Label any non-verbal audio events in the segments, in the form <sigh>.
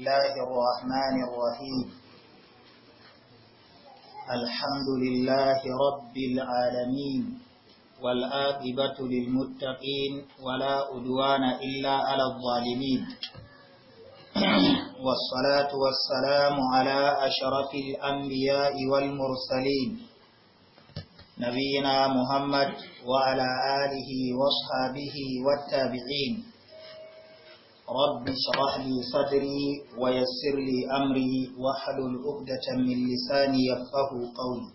الله الرحمن الرحيم الحمد لله رب العالمين والآقبة للمتقين ولا أدوان إلا على الظالمين والصلاة والسلام على أشرف الأنبياء والمرسلين نبينا محمد وعلى آله وصحابه والتابعين رب اشرح لي صدري ويسر لي أمري واحلل عقدة من لساني يفقه قولي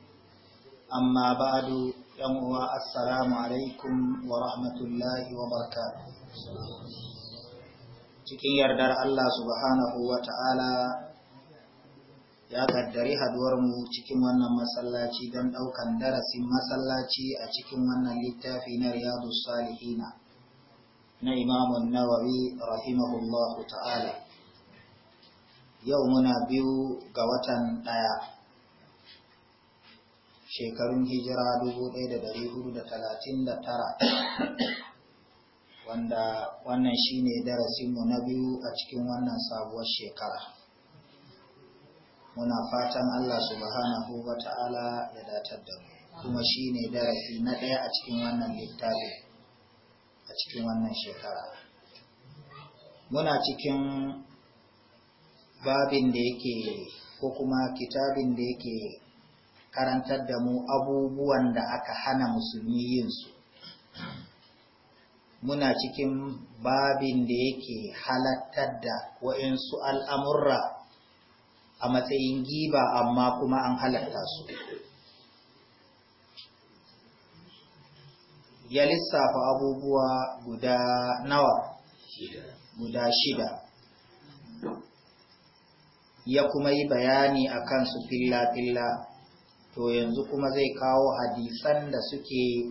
أما بعد يوم السلام عليكم ورحمة الله وبركاته cikin yardar Allah subhanahu wa ta'ala ya kaddari haduwarmu cikin wannan masallaci don ɗaukan darasin masallaci a cikin wannan littafi na riyadu salihina. na imamun nawawi rahimahullahu ta'ala yau muna biyu ga watan ɗaya shekarun hijira 1439 wanda wannan shine darasinmu na biyu a cikin wannan sabuwar shekara muna fatan Allah subhanahu wa ta'ala ya datar da mu kuma shine darasi na ɗaya a cikin wannan littafin cikin wannan shekara muna cikin babin da yake ko kuma kitabin da yake karantar da mu abubuwan da aka hana musulmi yin su muna cikin babin da yake halattar da wa'insu al'amurra a matsayin giba amma kuma an halatta su ya lissafa abubuwa guda nawa guda shida ya kuma yi bayani a kansu filla-filla to yanzu kuma zai kawo hadisan da suke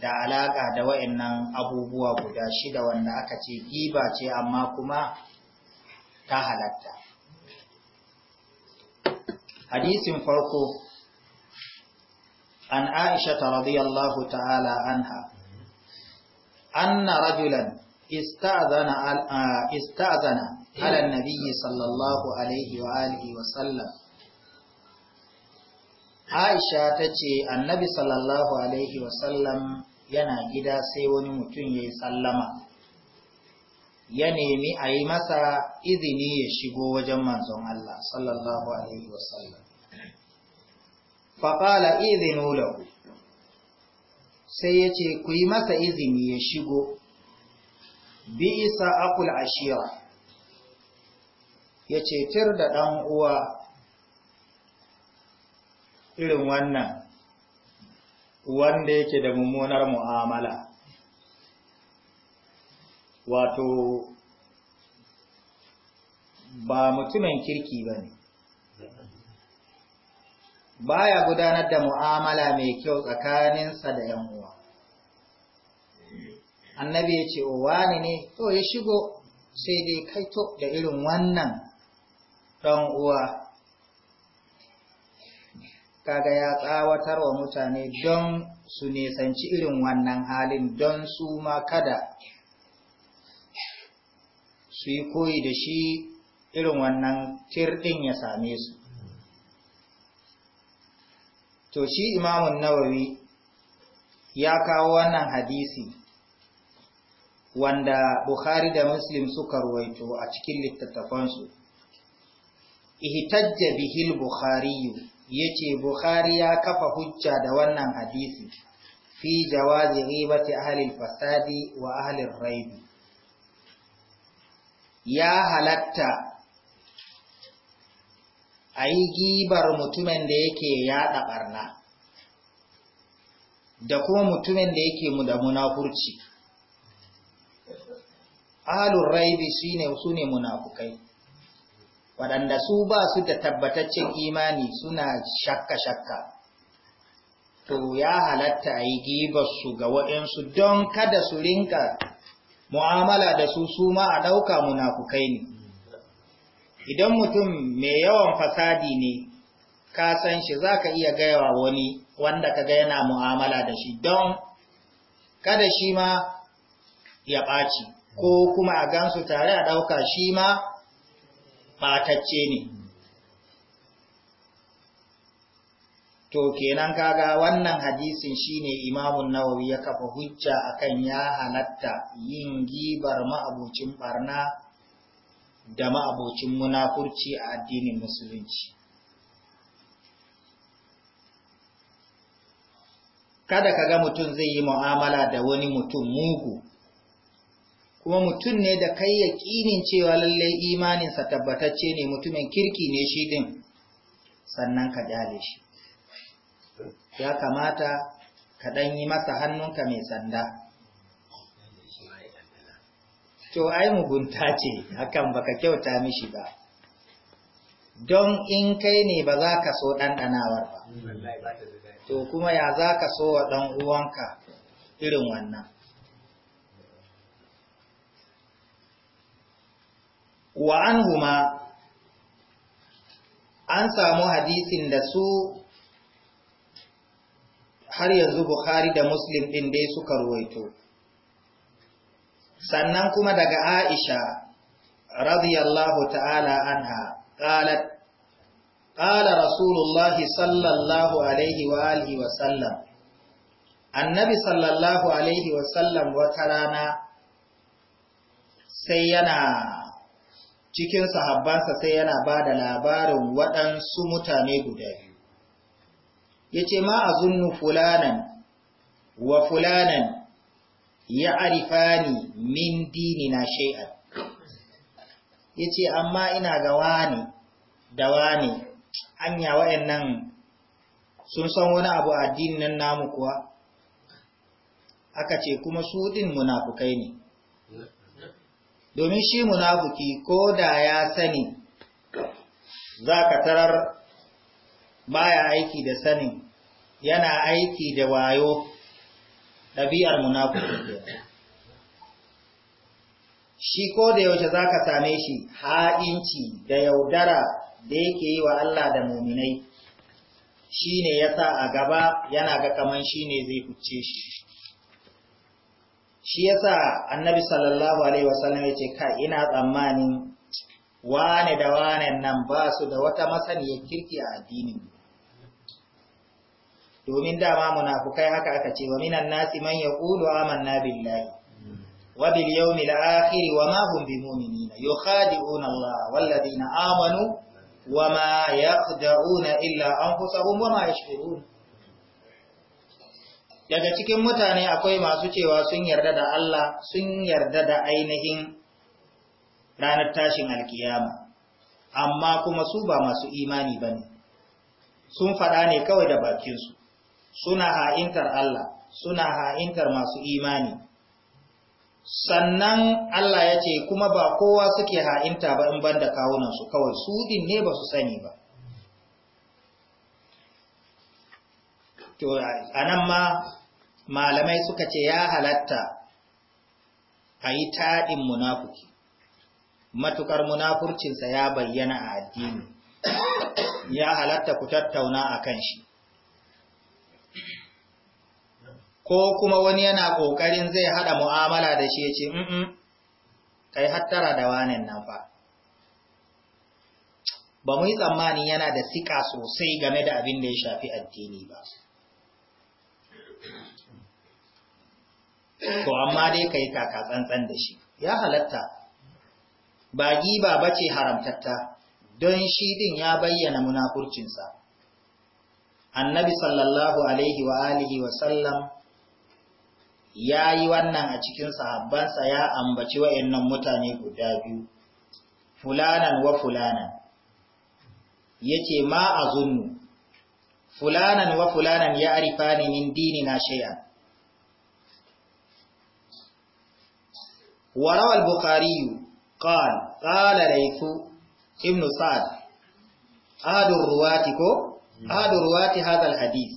da alaƙa da wa'annan abubuwa guda shida wanda aka ce giba ce amma kuma ta halatta hadisin farko an aisha radiyallahu ta'ala anha anna rajulan استأذن استأذن على النبي صلى الله عليه وآله وسلم Aisha ta ce annabi sallallahu alaihi wasallam yana gida sai wani mutum ya yi sallama ya nemi a yi masa izini ya shigo wajen manzon Allah sallallahu alaihi wasallam faƙala izini lahu sai ya ce ku yi masa izini ya shigo bi isa akul ashira ya ce tir da ɗan uwa irin wannan wanda yake da mummunar mu'amala wato ba mutumin kirki ba ne baya gudanar da mu'amala mai kyau tsakaninsa da ‘yan uwa. Annabi ya ce, wani ne, to ya shigo sai dai kaito da irin wannan ɗan uwa. Kaga ya tsawatar wa mutane don su nesanci irin wannan halin don su ma kada su yi koyi da shi irin wannan tirɗin ya same su. to shi imamun nawawi ya kawo wannan hadisi wanda Bukhari da Muslim suka ruwaito a cikin littattafansu. Ihtajja bihil Bukhari yace Bukhari ya kafa hujja da wannan hadisi fi jawazi ghibati ahli fasadi wa ahli raibi. Ya halatta a yi gibar mutumin da yake yaɗa ɓarna da kuma mutumin da yake mu da munafurci alun raibi su ne munafukai waɗanda su ba su da tabbataccen imani suna shakka-shakka to ya halatta a yi gibarsu ga waɗansu don kada su rinka mu'amala da su su ma a ɗauka munafukai ne idan mutum mai yawan fasadi ne ka san shi za ka iya gaiwa wani wanda ka ga yana mu'amala da shi don kada shi ma ya ɓaci ko kuma a gansu tare a ɗauka shi ma ɓatacce ne to kenan kaga wannan hadisin shine imamun nawawi ya kafa hujja akan ya halatta yin gibar ma'abucin ɓarna? da ma'abocin munafurci a addinin musulunci kada ka ga mutum zai yi mu'amala da wani mutum mugu kuma mutum ne da kai ya yaƙinin cewa lallai imaninsa tabbatacce ne mutumin kirki ne shi din sannan ka dale shi ya kamata ka ɗan yi masa hannunka mai sanda to ai mugunta ce hakan baka kyauta mishi ba don in kai ne ba za ka so ɗanɗanawar ba to kuma ya za ka so wa ɗan uwanka irin wannan wa an huma an samu hadisin da su har yanzu Bukhari da Muslim ɗin dai suka ruwaito. sannan kuma daga Aisha radiyallahu ta'ala anha qalat qala rasulullahi sallallahu alaihi wa alihi wa sallam annabi sallallahu alaihi wa sallam wata rana sai yana cikin sahabbansa sai yana ba da labarin waɗansu mutane guda biyu. Ya ce ma a zunnu fulanan wa fulanan ya arifani min na Ya yace amma ina ga wani da wani hanya wayannan sun san wani abu a addinin namu kuwa aka ce kuma su din munafukai ne domin shi munafuki ko da ya sani zaka tarar baya aiki da sanin yana aiki da wayo ɗabi'ar munafiki shi ko da yaushe za ka same shi ha'inci da yaudara da yake yi wa Allah da muminai shi ne ya sa a gaba yana ga kaman shi ne zai fice shi shi ya sa annabi sallallahu alaihi wasallam ya ce ka ina tsammanin wane da wane nan ba su da wata masaniyar kirki a addinin domin dama munafukai haka aka ce wa minan nasi man yaqulu amanna billahi wa bil yawmil akhir wa ma hum bimuminina yukhadi'una Allah walladhina amanu wa ma yakhda'una illa anfusahum wa ma yashkurun daga cikin mutane akwai masu cewa sun yarda da Allah sun yarda da ainihin ranar tashin alkiyama amma kuma su ba masu imani ba ne sun faɗa ne kawai da bakinsu suna ha'intar Allah suna ha'intar masu imani sannan Allah ya ce kuma ba kowa suke ha'inta ba in banda kawunansu kawai su din ne ba su sani ba A nan ma malamai suka ce ya halatta a yi taɗin munafuki matukar munafurcinsa ya bayyana a addini ya halatta ku tattauna a kan shi ko kuma wani yana ƙoƙarin zai haɗa mu'amala da shi ya ce, "Mm, kai hattara da wanen nan fa." Ba mu yi tsammanin yana da siƙa sosai game da abin da ya shafi addini ba. To, amma dai ka yi kaka tsantsan da shi, ya halatta, ba giba ba ce haramtatta, don shi din ya bayyana munafurcinsa. Annabi sallallahu Alaihi wa alihi wa sallam ya yi wannan a cikin sahabbansa ya ambaci wa'yannan mutane guda biyu, fulanan wa fulanan, ya ce ma a zunnu, fulanan wa fulanan ya arifa ne min dini na shaya. Warawar Bukhariyu, ƙal, ƙala laifu, Ibn Sa'ad, adun ruwati ko? Adun ruwati hadal hadis.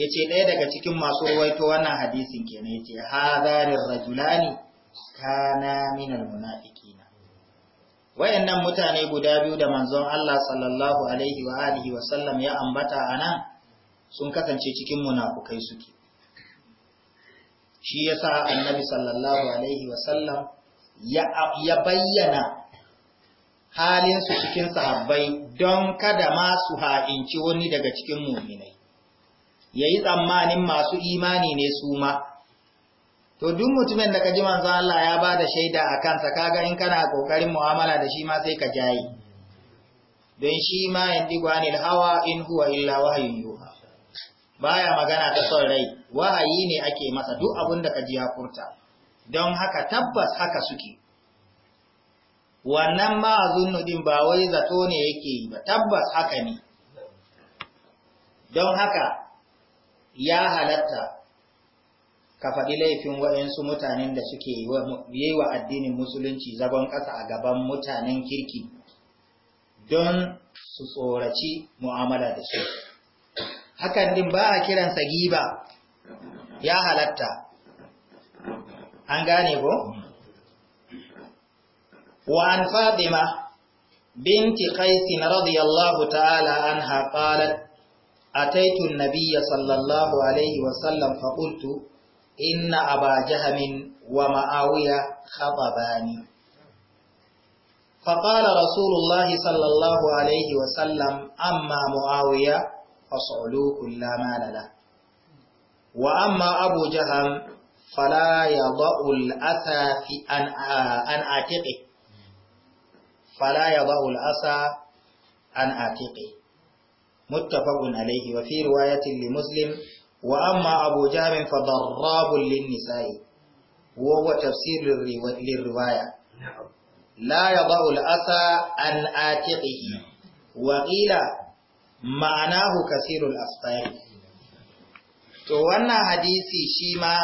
yace ɗaya daga cikin masu ruwaito wannan hadisin kenan yace hadarir rajulani kana minal munafiqina wayannan mutane guda biyu da manzon Allah sallallahu alaihi wa alihi wa sallam ya ambata anan sun kasance cikin munafukai suke shi yasa annabi sallallahu alaihi wa sallam ya ya bayyana halin su cikin sahabbai don kada ma su ha'inci wani daga cikin mu'minai yayi tsammanin masu imani ne su ma to duk mutumin da kaji manzo Allah ya bada shaida a kansa kaga in kana kokarin mu'amala da shi ma sai ka jayi don shi ma yandigu anil hawa in huwa illa wahyun yuha baya magana ta son rai wahayi ne ake masa duk abin da kaji ya furta don haka tabbas haka suke wannan ma azunnu din ba wai zato ne yake yi ba tabbas haka ne don haka ya halatta ka faɗi laifin waɗansu mutanen da suke yi wa addinin musulunci zagon ƙasa a gaban mutanen kirki don su tsoraci mu'amala da su. Hakan din ba a kiransa giba ya halatta, an gane ko? Wa an Fadima binti Qaisin radiyallahu ta'ala an haƙalar أتيت النبي صلى الله عليه وسلم فقلت إن أبا جهم ومعاوية خطباني فقال رسول الله صلى الله عليه وسلم أما معاوية فصعلوه لا مال له وأما أبو جهم فلا يضع الأسى في أن أن أعتقه فلا يضع الأسى أن أعتقه muttafaqun alaihi wa fi riwayatin muslim wa amma abu jamin fa darrabun lin nisa'i wa huwa tafsirur riwaya an atiqihi wa qila ma'anahu kasirul asfari to wannan hadisi shi ma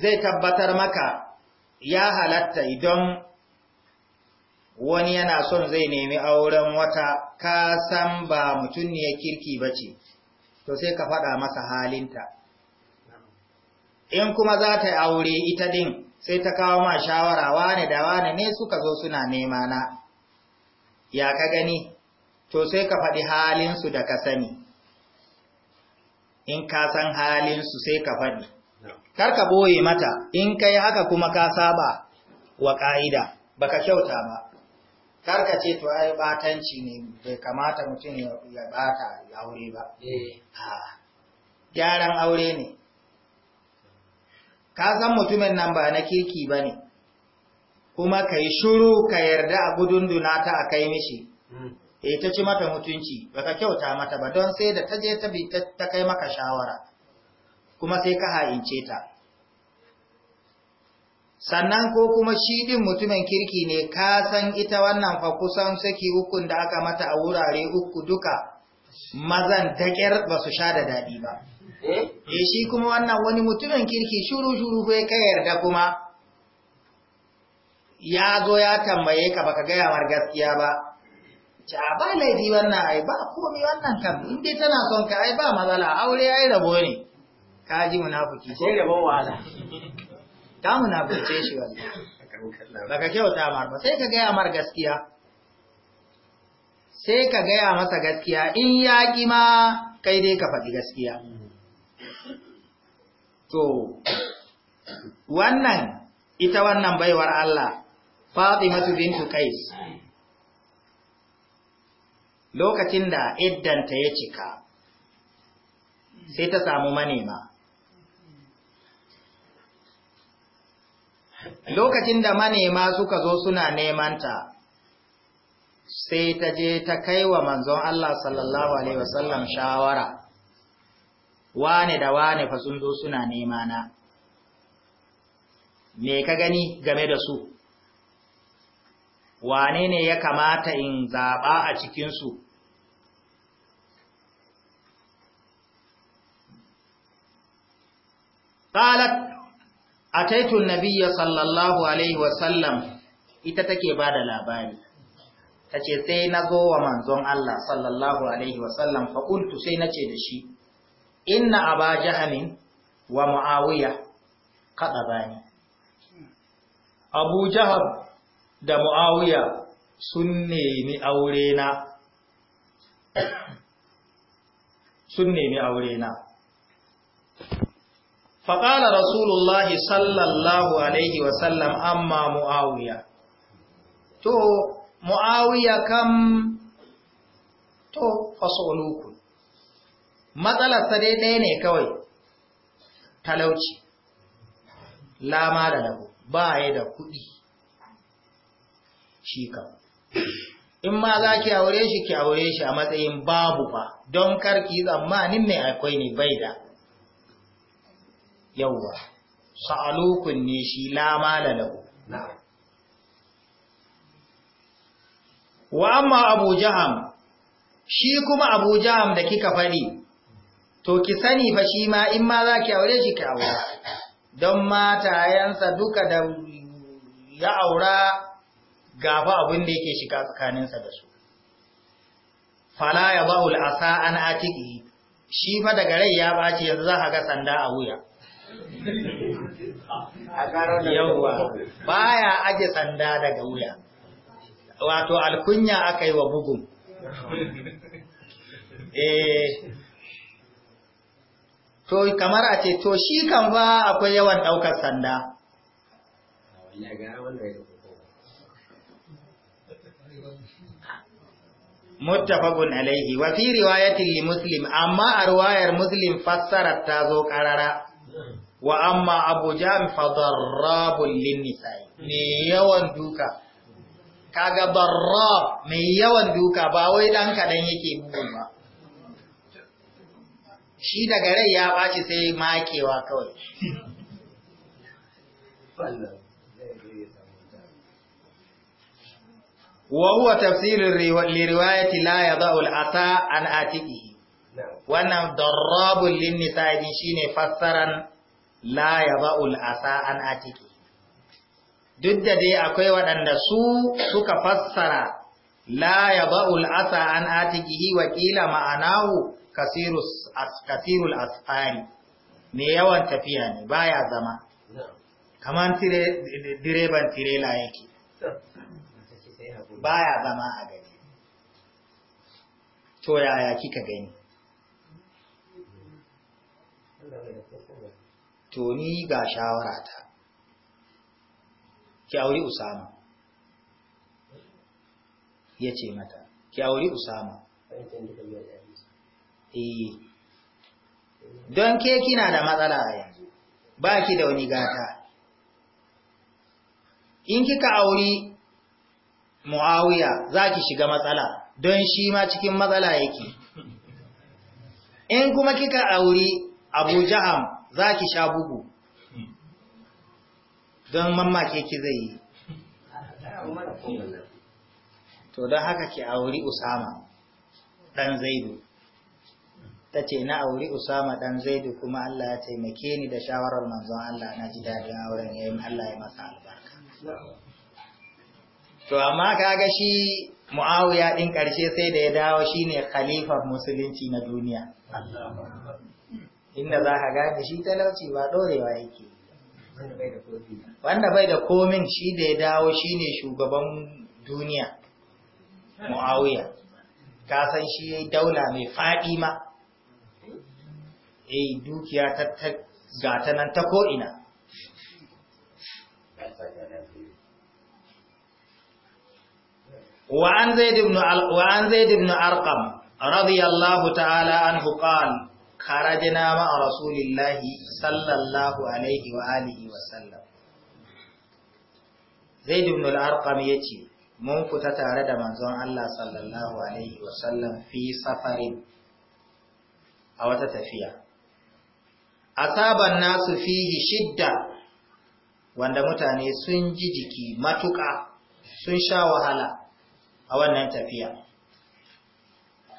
zai tabbatar maka ya halatta idan wani yana son zai nemi auren wata ka ba mutum ne ya kirki ba ce, to sai ka faɗa masa halinta. In kuma za ta aure ita din sai ta kawo ma shawara wane da wane ne suka zo suna nema na, ya ka gani, to sai ka faɗi halinsu da ka sani. In ka san halinsu sai ka faɗi, kar ka ɓoye mata, in ka yi haka kuma ka saba wa ƙa'ida, ba ka kyauta ba. karka ce to ai batanci ne bai kamata mutum ya bata aure ba eh. gyaran aure ne ka san mutumin nan ba na kirki ba ne kuma ka yi shuru ka yarda a gudunduna ta a kai mishi e ta ci mata mutunci baka kyauta mata ba don sai da ta je ta kai maka shawara kuma sai ka ha'ince ta sannan ko kuma shi ɗin mutumin kirki ne ka san ita wannan fa kusan saki ukun da aka mata a wurare uku duka mazan taƙyar ba su sha da daɗi ba eh? e shi kuma wannan wani mutumin kirki shuru shuru ko ka yarda kuma ya zo ya tambaye ka baka gaya mar gaskiya ba Ca ba laifi wannan ai ba komai wannan kan. in dai tana son ka ai ba matsala aure ai rabo ne ka ji munafiki sai rabon wahala na bace shi wani baka kyauta mar ba sai ka gaya mar gaskiya sai ka gaya masa gaskiya in ya ma kai dai ka faɗi gaskiya to wannan ita wannan baiwar Allah Fatimatu bintu Qais lokacin da iddanta ya cika sai ta samu manema lokacin da manema suka zo suna nemanta sai ta je ta kai wa manzon Allah sallallahu Alaihi wasallam shawara wane da wane fa sun zo suna nemana me ka gani game da su wane ne ya kamata in zaɓa a cikinsu قالت taitun nabiyya sallallahu alaihi wasallam ita take ba da labari ta ce sai na zo wa manzon Allah sallallahu alaihi wasallam faƙuntu sai na ce da shi inna aba jahamin wa mu'awiya kaɗa bani abu jahab da mu'awiya sun nemi aure na sun nemi aure na faƙala rasulullahi sallallahu alaihi wasallam amma mu'awiya to mu'awiya kam to fasolukun matsalarsa dai ɗaya ne kawai talauci lama da lagu ba ya da kuɗi shi kam in ma za ki aure shi ki aure shi a matsayin babu ba don karki tsammanin mai akwai ne bai da yawwa sa'alukun ne shi lama lalahu wa amma abu jaham shi kuma abu jaham da kika faɗi? to ki sani fa shi ma in ma za ki aure shi ki aure don matayensa duka da ya aura gafa abin da yake shiga tsakaninsa da su fala ya ba'ul asa an atiki shi fa daga rai ya bace yanzu za ka ga sanda a wuya baya aje sanda daga wuya wato alkunya aka yi wa bugun eh to kamar a ce to shi kan ba akwai yawan daukar sanda muttafaqun alaihi wa fi riwayatin muslim amma a riwayar muslim fassarar ta zo karara wa amma abu jami fadarrabun linnisai mai yawan duka kaga barrab mai yawan duka ba wai dan kadan yake bugun ba shi daga rai ya baci sai makewa kawai wa tafsirin riwayati la yadau al-ata an atiqihi wannan darrabul lin shi shine fassaran la ya ba'ul asa an atiki duk da dai akwai waɗanda su suka fassara la ya ba'ul asa an atiki wa kila ma'anahu kasirul asfari ne yawan tafiya ne baya zama kamar direban tirela yake baya zama a gari to yaya kika gani to ni ga shawara ta ki auri usama ya ce mata ki auri usama eh don ke kina da matsala a yanzu ba ki da wani gata in kika auri mu'awiya za ki shiga matsala don shi ma cikin matsala yake in kuma kika auri abu jaham za ki sha bugu don mamake ki zai yi to don haka ki auri usama ɗan zaidu ta ce na auri usama ɗan zaidu kuma Allah ya taimake ni da shawarar manzon Allah na ji daɗin auren ya yi Allah ya masa albarka to amma kaga shi mu'awiya ɗin ƙarshe sai da ya dawo shine khalifar musulunci na duniya inda za ka gane shi talauci ba ɗorewa yake wanda bai da komin shi da ya dawo shi ne shugaban duniya mu'awiya ka san shi ya yi daula mai faɗi ma eh dukiya ta gata nan ta ko'ina وعن زيد بن, عل... وعن رضي الله تعالى عنه قال kharajna ma'a rasulillahi sallallahu alaihi wa wa sallam zaid ibn al-arqam yace mun fita tare da manzon Allah sallallahu alaihi wa sallam fi safarin a wata tafiya asaban nasu fihi shidda wanda mutane sun ji jiki matuƙa sun sha wahala a wannan tafiya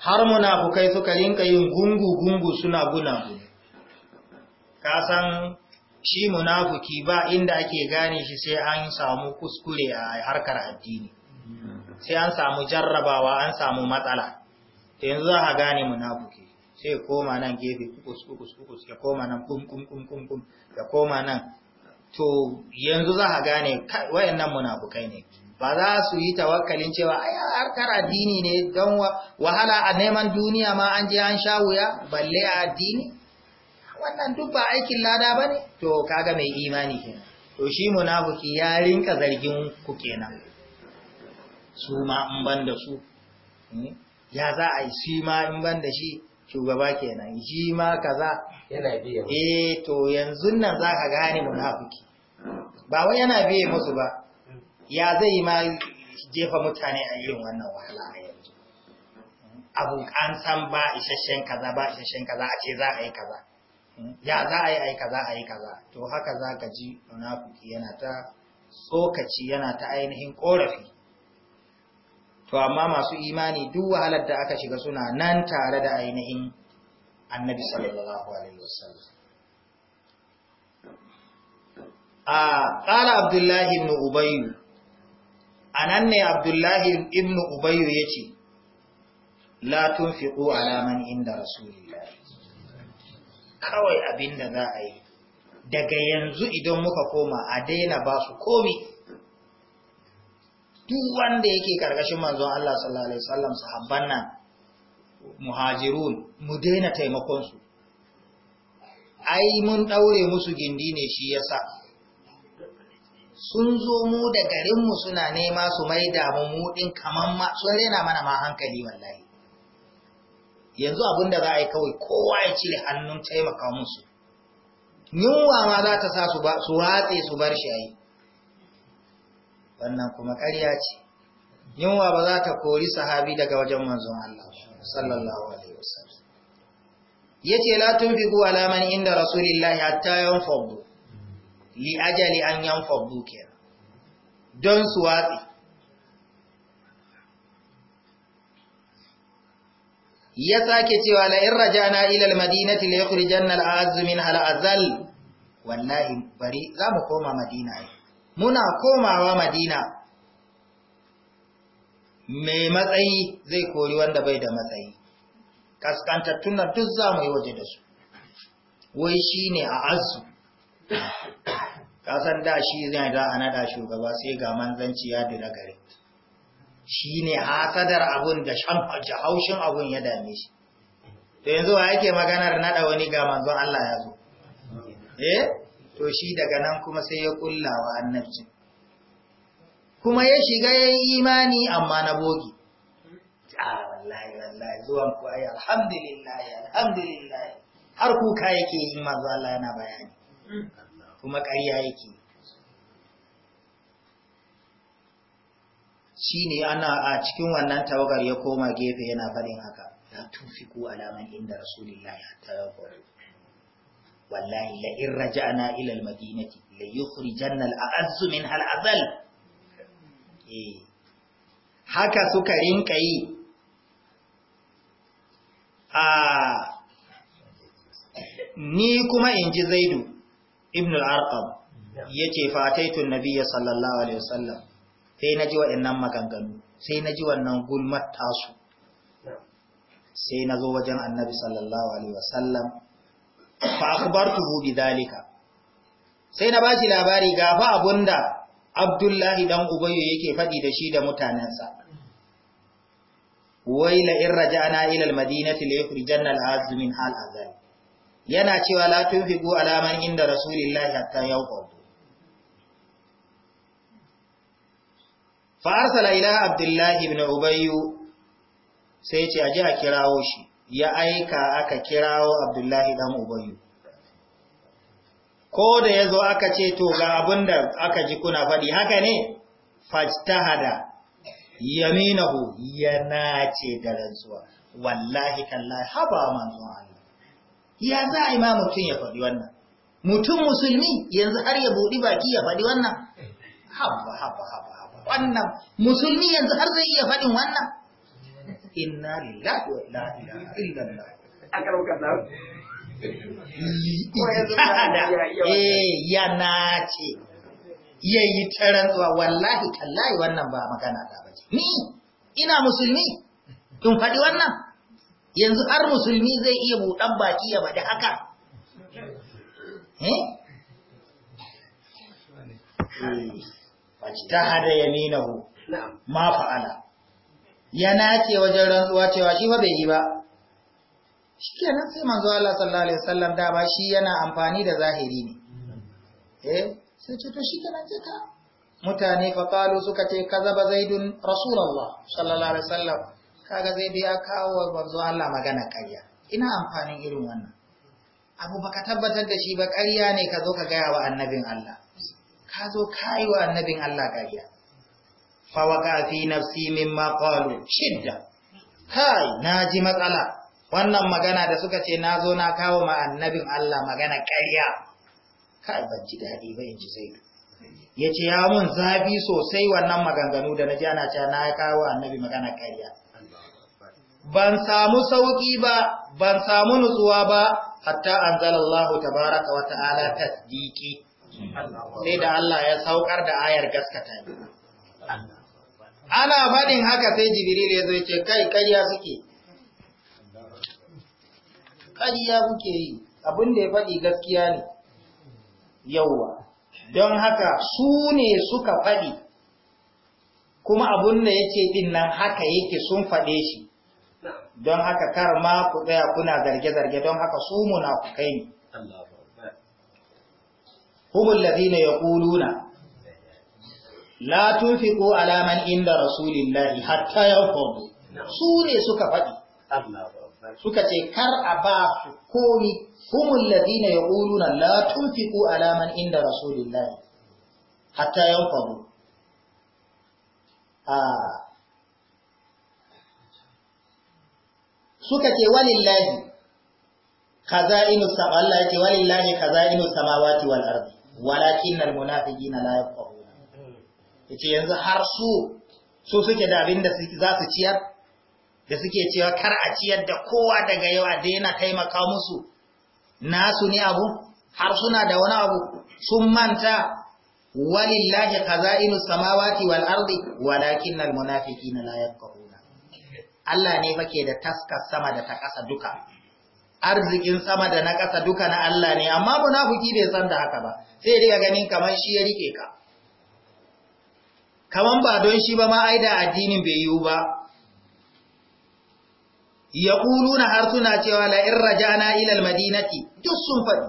har munafukai suka rinka yin gungu-gungu suna guna ka san shi munafuki ba inda ake gane shi sai an samu kuskure a harkar addini sai an samu jarrabawa an samu matsala yanzu za a gane munafuki sai koma nan gefe kukus-kukus ya koma nan kum-kum-kum ya koma nan to yanzu za a gane wayannan munafukai ne ba za su yi tawakkalin cewa ai harkar addini ne don wahala a neman duniya ma an je an sha wuya balle a addini wannan duk ba aikin lada ba ne to kaga mai imani kenan to shi munafuki ya rinka zargin ku kenan su ma in ban da su hmm? ya za a yi su ma in ban da shi shugaba kenan shi ma kaza yana biya eh to yanzu nan za ka gane munafuki ba wai yana biye musu ba ya zai ma jefa mutane a yin wannan wahala a yanzu abu an san ba isasshen kaza ba isasshen kaza a ce za a yi kaza ya za a yi a yi kaza a yi kaza to haka za ka ji munafiki yana ta tsokaci yana ta ainihin korafi to amma masu imani duk wahalar da aka shiga suna nan tare da ainihin annabi sallallahu alaihi wasallam a qala abdullahi ibn ubayy a nan ne abdullahi ibn ubayyu ya ce la tunfiqu ala man inda rasulillah kawai abin da za a yi daga yanzu idan muka koma a daina ba su komi duk wanda yake karkashin manzon Allah sallallahu alaihi wasallam sahabban nan muhajirun mu daina taimakon su ai mun ɗaure musu gindi ne shi yasa sun zo mu da garinmu suna nema su mai damu mu ɗin kaman ma sun rena mana ma hankali wallahi yanzu abin da za a yi kawai kowa ya cire hannun taimaka musu yunwa ma za ta sa su watse su bar shi a yi wannan kuma ƙarya ce yunwa ba za ta kori sahabi daga wajen manzon Allah sallallahu alaihi wasallam yace la tunfiqu ala man inda rasulillahi hatta yanfadu li ajali an fardu ke don su watsi ya sake cewa la in rajana ila madinati la yukhrijanna a min al'azal wallahi bari za mu koma madina muna komawa madina mai matsayi zai kori wanda bai da matsayi kaskantattun nan duk za mu yi waje da su wai shi ne a azu kasan da shi zai da a naɗa shugaba sai ga manzanci ya dira gare shi ne hasadar abun da haushin abun ya dame shi to yanzu wa yake maganar naɗa wani ga manzon Allah ya zo eh to shi daga nan kuma sai ya kulla wa annabcin kuma ya shiga ya yi imani amma na bogi a wallahi wallahi zuwan ku ayi alhamdulillah alhamdulillah har kuka yake yi manzo Allah yana bayani hmm. kuma ƙarya yake shi ne ana a cikin wannan tawagar ya koma gefe yana faɗin haka Ya tufi tunfiku alaman inda rasulullahi hatta yaqulu wallahi la in raja'na ila al-madinati la yukhrijanna al-a'azz min al-azal eh haka suka rinka yi a ah. ni kuma in ji zaidu ibn al-arqam yace fataitun nabiyya sallallahu alaihi wasallam sai na ji waɗannan maganganu sai na ji wannan gulmat tasu sai nazo wajen annabi sallallahu alaihi wasallam fa akhbartuhu bidalika sai na bashi labari ga fa abunda abdullahi dan ubayyu yake faɗi da shi da mutanensa. wai la in raja'na ila al-madinati la yukhrijanna al-azmin hal azal yana cewa la tunfiqu ala man inda rasulillahi hatta yau fa arsala ila abdullahi ibn sai ce a ji a kirawo shi ya aika aka kirawo abdullahi dan ubayu ko da yazo aka ce to ga abinda aka ji kuna fadi haka ne fajtahada yaminahu yana ce da rantsuwa wallahi kallahi haba manzo ya za a yi ma mutum ya faɗi wannan mutum musulmi yanzu har ya buɗi baki ya faɗi wannan haba haba haba haba wannan musulmi yanzu har zai iya faɗin wannan inna lillahi wa inna ilaihi raji'un <laughs> eh, yana ce ya yi tarantsuwa wallahi tallahi wannan ba magana ta bace ni ina musulmi tun faɗi wannan yanzu har musulmi zai iya buɗan baki ya bada haka eh? ta hada ya nina hu ma fa'ala yana ce wajen rantsuwa cewa shi ba bai yi ba shi nan sai manzo Allah sallallahu alaihi wasallam da ba shi yana amfani da zahiri ne eh sai ce to shi kenan sai ka mutane fa qalu suka ce kazaba zaidun rasulullah sallallahu alaihi wasallam kaga zai biya kawo manzo Allah magana ƙarya ina amfanin irin wannan abu baka tabbatar da shi ba ƙarya ne ka zo ka gaya wa annabin Allah ka zo ka wa annabin Allah ƙarya Fa fawaka fi nafsi mimma qalu shidda kai naji matsala wannan magana da suka ce na zo na kawo ma annabin Allah magana ƙarya kai ban ji daɗi ba in ji sai ya ce ya mun zafi sosai wannan maganganu da na ji ana cewa na kawo annabi magana ƙarya ban samu sauƙi ba ban samu nutsuwa ba hatta anzalallahu tabaraka wa ta'ala tasdiki sai da Allah ya saukar da ayar gaskata ana faɗin haka sai jibril ya zo ce kai ya suke ya kuke yi abin da ya faɗi gaskiya ne yauwa don haka su ne suka faɗi kuma abin da yake ɗin nan haka yake sun faɗe shi don haka kar ma ku tsaya kuna zarge-zarge don haka su ku kai ne humul ladina yaquluna la tunfiqu ko alaman inda lahi hatta yanfudu su ne suka faɗi suka ce kar a ba su komi humul ladina yaquluna la tunfiqu ko alaman inda lahi hatta yanfudu ah suka ce walillahi khaza'inu sama Allah yake walillahi khaza'inu samawati wal ardi walakin al munafiqina la yafqahuna yace yanzu har su su suke da abin da za su ciyar da suke cewa kar a ciyar da kowa daga yau a daina taimaka musu nasu ne abu har suna da wani abu sun manta walillahi khaza'inu samawati wal ardi walakin al munafiqina la yafqahuna Allah ne fa da taskar sama da ta ƙasa duka arzikin sama da na ƙasa duka na Allah ne amma munafiki bai san da haka ba sai dai ganin kamar shi ya rike ka Kamar ba don shi ba ma aida addinin bai yiwu ba ya harsuna har suna cewa la'in na ilal madinati duk sun faɗi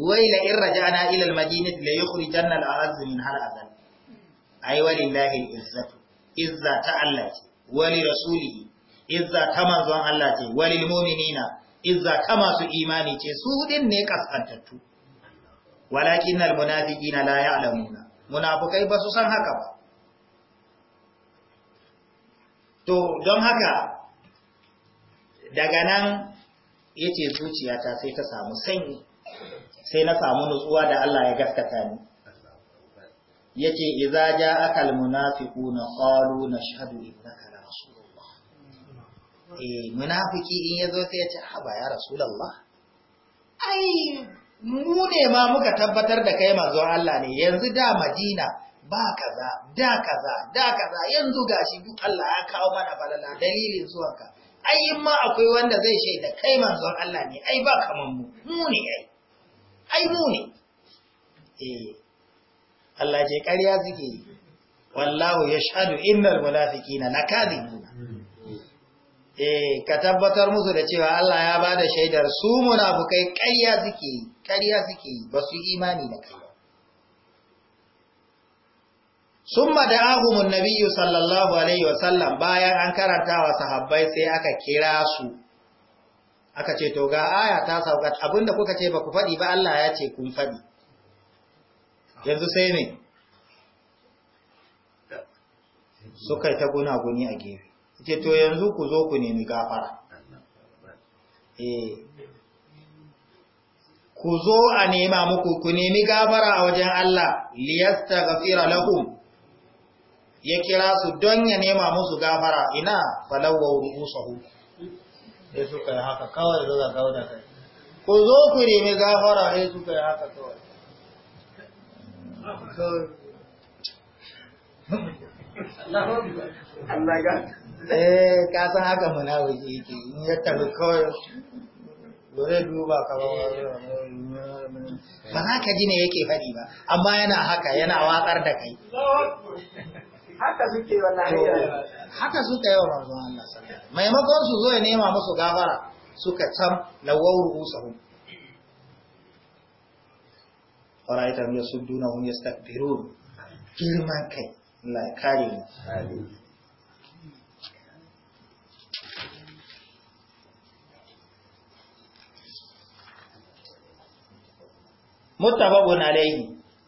wai la'in na ilal madinati la kuri jannal arzikin har azal? ai walillahi izzatu izza ta Allah ce wali rasulihi izza ta manzon Allah ce wani mu'minina izza ta masu imani ce su din ne kaskantattu walakinnal munafiqina la ya'lamuna munafikai ba su san haka ba to don haka daga nan yace zuciyata sai ta samu sanyi sai na samu nutsuwa da Allah ya gaskata ni yace idza ja'akal munafiquna qalu nashhadu innaka eh munafiki in yazo sai ya ce ba ya rasulullah ai mu ne ma muka tabbatar da kai manzon Allah ne yanzu da Madina ba kaza da kaza da kaza yanzu gashi duk Allah ya kawo mana balala dalilin zuwanka ai in ma akwai wanda zai shaida kai manzon Allah ne ai ba kaman mu mu ne ai ai mu ne eh Allah ce ƙarya suke wallahu yashhadu innal munafiqina lakadhibuna eh ka tabbatar musu da cewa Allah ya ba da shaidar su munafukai ƙarya suke ƙarya suke ba su imani da kai summa da ahumun nabiyyu sallallahu alaihi wa sallam, bayan an karanta wa sahabbai sai aka kira su aka ce to ga aya ta sauka abinda kuka ce ba ku faɗi ba Allah ya ce kun faɗi yanzu sai ne suka ta guna guni a gefe ce to yanzu ku zo ku nemi gafara eh. ku zo a nema muku ku nemi gafara a wajen Allah liyasta gafira lahum ya kira su don ya nema musu gafara ina falawar rusahu sai suka yi haka kawai zo ga gauda kai ku zo ku nemi gafara sai suka yi haka kawai Allah ya eh ka san haka wuce yake in ya tafi kawai ba duba ka ba ba za ka ji ne yake faɗi ba amma yana haka yana watsar da kai haka suke wallahi haka suka yi wa manzon Allah sallallahu maimakon su zo ya nema musu gafara suka tam Wani usahum fara'ita yasudduna hum yastakbirun wani kai Allah ya متفق عليه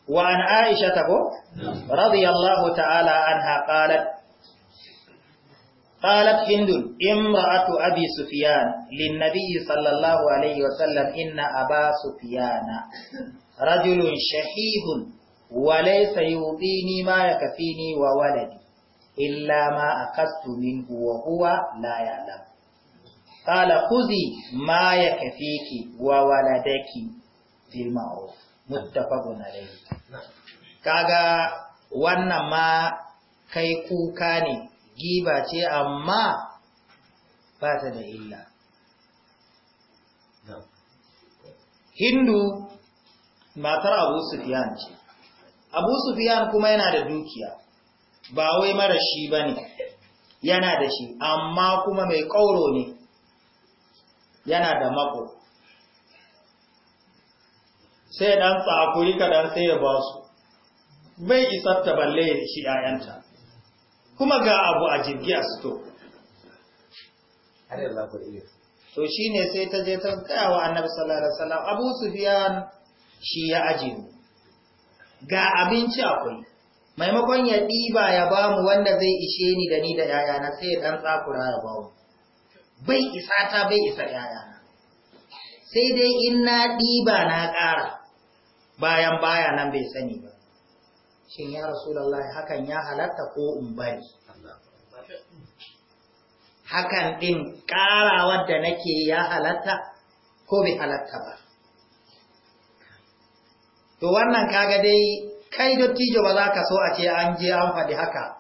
وعن عائشه aisha رضي الله تعالى عنها قالت قالت هند امرأة أبي سفيان للنبي صلى الله عليه وسلم إن أبا سفيان رجل شحيح وليس يعطيني ما يكفيني وولدي إلا ما أخذت منه وهو لا يعلم قال خذي ما يكفيك وولدك بالمعروف muttafaqun alayhi kaga wannan ma kai kuka ne giba ce amma ba ta da illa hindu matar abu sufiyan ce abu sufiyan kuma yana da dukiya ba wai mara shi ba ne yana da shi amma kuma mai ƙauro ne yana da mako sai ɗan tsakuri kaɗan sai ya ba su bai isar ta balle ya ishi ‘ya'yanta kuma ga abu a jirgi a sito to shi ne sai ta je ta tsayawa annabi sallallahu alaihi wasallam abu Sufyan shi ya aji. ga abinci akwai maimakon ya ɗiba ya ba mu wanda zai ishe ni da ni da ‘ya'yana sai ya ɗan tsakura ya ba mu bai isa ta bai isa ‘ya'yana sai dai in na ɗiba na ƙara bayan baya nan bai sani ba shin ya rasulullahi hakan ya halatta ko in bari hakan din karawar da nake ya halatta ko bai halatta ba to wannan kaga dai kai dattijo ba za ka so a ce an je an faɗi haka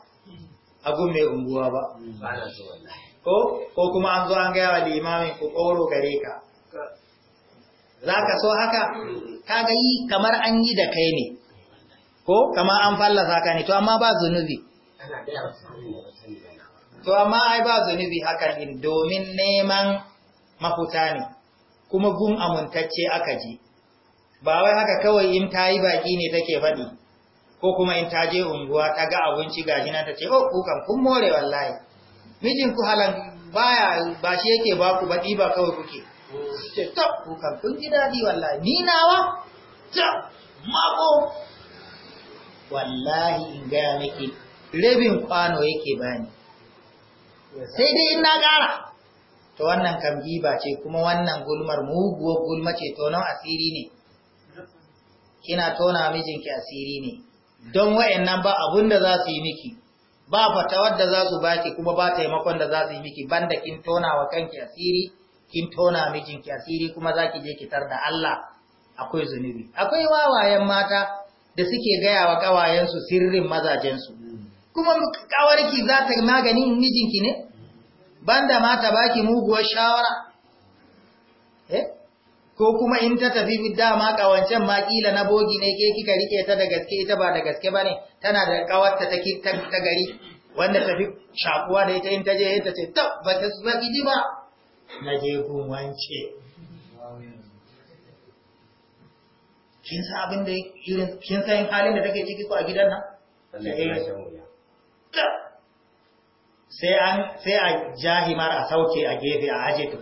a gume unguwa ba ko ko kuma an zo an gaya wa limamin ku ƙoro gare ka za ka so haka ga yi kamar an yi da kai ne ko kamar an fallasa ka ne to amma ba zunubi to amma ai ba zunubi hakan ne domin neman mafuta ne kuma gun amintacce aka ji ba wai haka kawai in ta yi baki ne take faɗi ko kuma in ta je unguwa ta ga abinci ga nan ta ce oh kukan kun more wallahi Mijinku halan baya ba shi yake ba ku baɗi ba kawai kuke ce ta kukan kun ji daɗi wallahi ni nawa ta mako wallahi in gaya miki rabin kwano yake bani sai dai in na ƙara to wannan kam giba ce kuma wannan gulmar muguwar gulma ce tonon asiri ne kina tona mijinki asiri ne don wa'annan ba abun da za su yi miki ba fatawar da za su baki kuma ba taimakon da za su yi miki banda kin tona wa kanki asiri kin tona mijinki asiri kuma zaki je ki tar da Allah akwai zunubi akwai wawayen mata da suke gaya wa su sirrin mazajen su. kuma kawarki za ta maganin mijinki ne banda mata baki muguwar shawara eh? ko kuma in ta tafi dama kawancen makila na bogi ne ke kika rike ta da gaske ita ba da gaske bane tana da kawarta ta ta gari wanda tafi shakuwa da ita in ta je ta ce ta ba ta ji ba na je gun wance kin san abin da irin kin san halin da take ciki ko a gidan nan sai an sai a jahimar a sauke a gefe a aje to